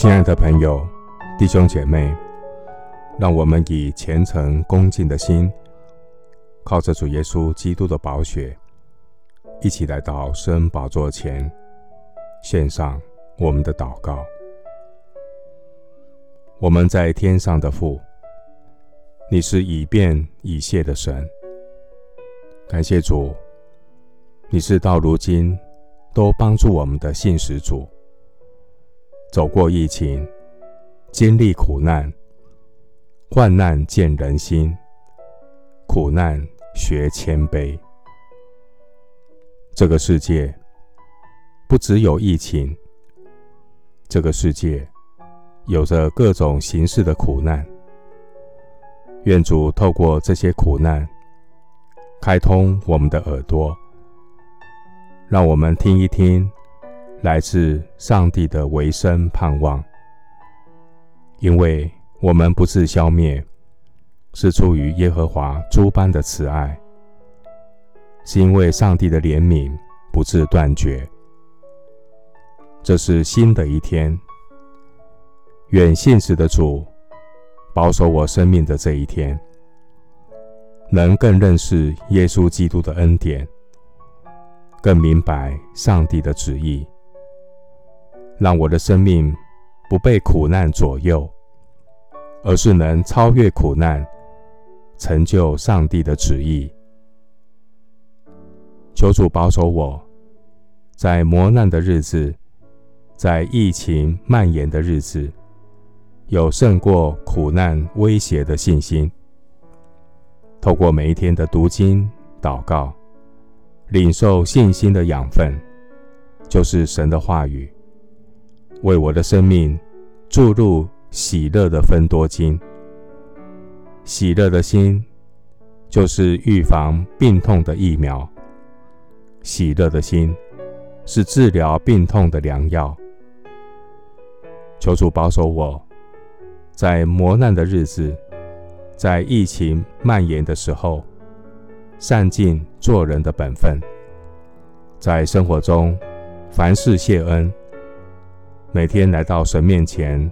親愛的朋友、弟兄姐妹，讓我們以虔誠恭敬的心，靠着主耶穌基督的寶血，一起來到施恩寶座前，獻上我們的禱告。我們在天上的父，你是以便以謝的神，感謝主，你是到如今都幫助我們的信實主。走過疫情，經歷苦難，患難見人心，苦難學謙卑。這個世界不只有疫情，這個世界有着各種形式的苦難。願主透過這些苦難，開通我們的耳朵，讓我們聽一聽。來自上帝的唯生盼望，因為我們不致消滅，是出於耶和華諸般的慈愛，是因為上帝的憐憫不致斷絕。這是新的一天，願信實的主保守我生命的這一天，能更認識耶穌基督的恩典，更明白上帝的旨意。讓我的生命不被苦難左右，而是能超越苦難，成就上帝的旨意。求主保守我，在磨難的日子，在疫情蔓延的日子，有勝過苦難威脅的信心。透過每一天的讀經、禱告，領受信心的養分，就是神的話語。為我的生命注入喜樂的芬多精，喜樂的心就是預防病痛的疫苗，喜樂的心是治療病痛的良藥。求主保守我，在磨難的日子，在疫情蔓延的時候，善盡做人的本分。在生活中，凡事謝恩。每天來到神面前，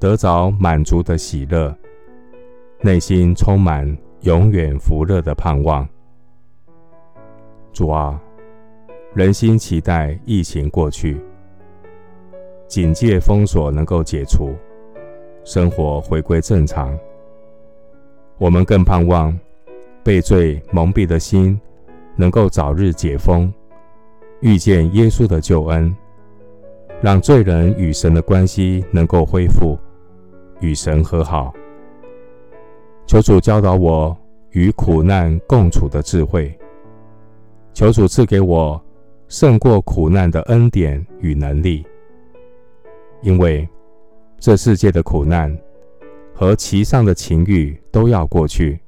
得着滿足的喜樂，內心充滿永遠福樂的盼望。主啊，人心期待疫情過去，警戒封鎖能夠解除，生活回歸正常。我們更盼望被罪蒙蔽的心能夠早日解封，遇見耶穌的救恩。讓罪人與神的關係能夠恢復，與神和好。求主教導我與苦難共處的智慧。求主賜給我勝過苦難的恩典與能力，因為這世界的苦難和其上的情欲都要過去，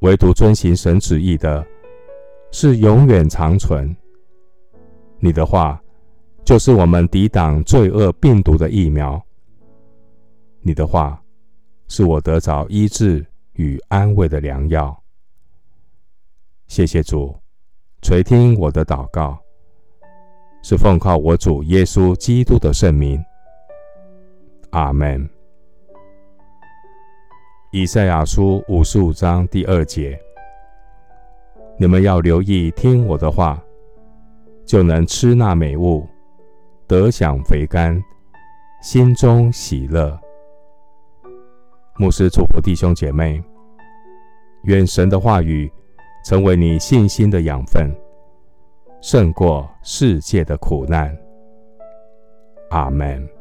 唯獨遵行神旨意的，是永遠長存。你的話。就是我們抵擋罪惡病毒的疫苗。你的話是我得着醫治與安慰的良藥。謝謝主垂聽我的禱告，是奉靠我主耶穌基督的聖名。阿門。以賽亞書五十五章第二節：你們要留意聽我的話，就能吃那美物。得享肥甘，心中喜樂。牧師祝福弟兄姐妹，願神的話語成為你信心的養分，勝過世界的苦難。阿們。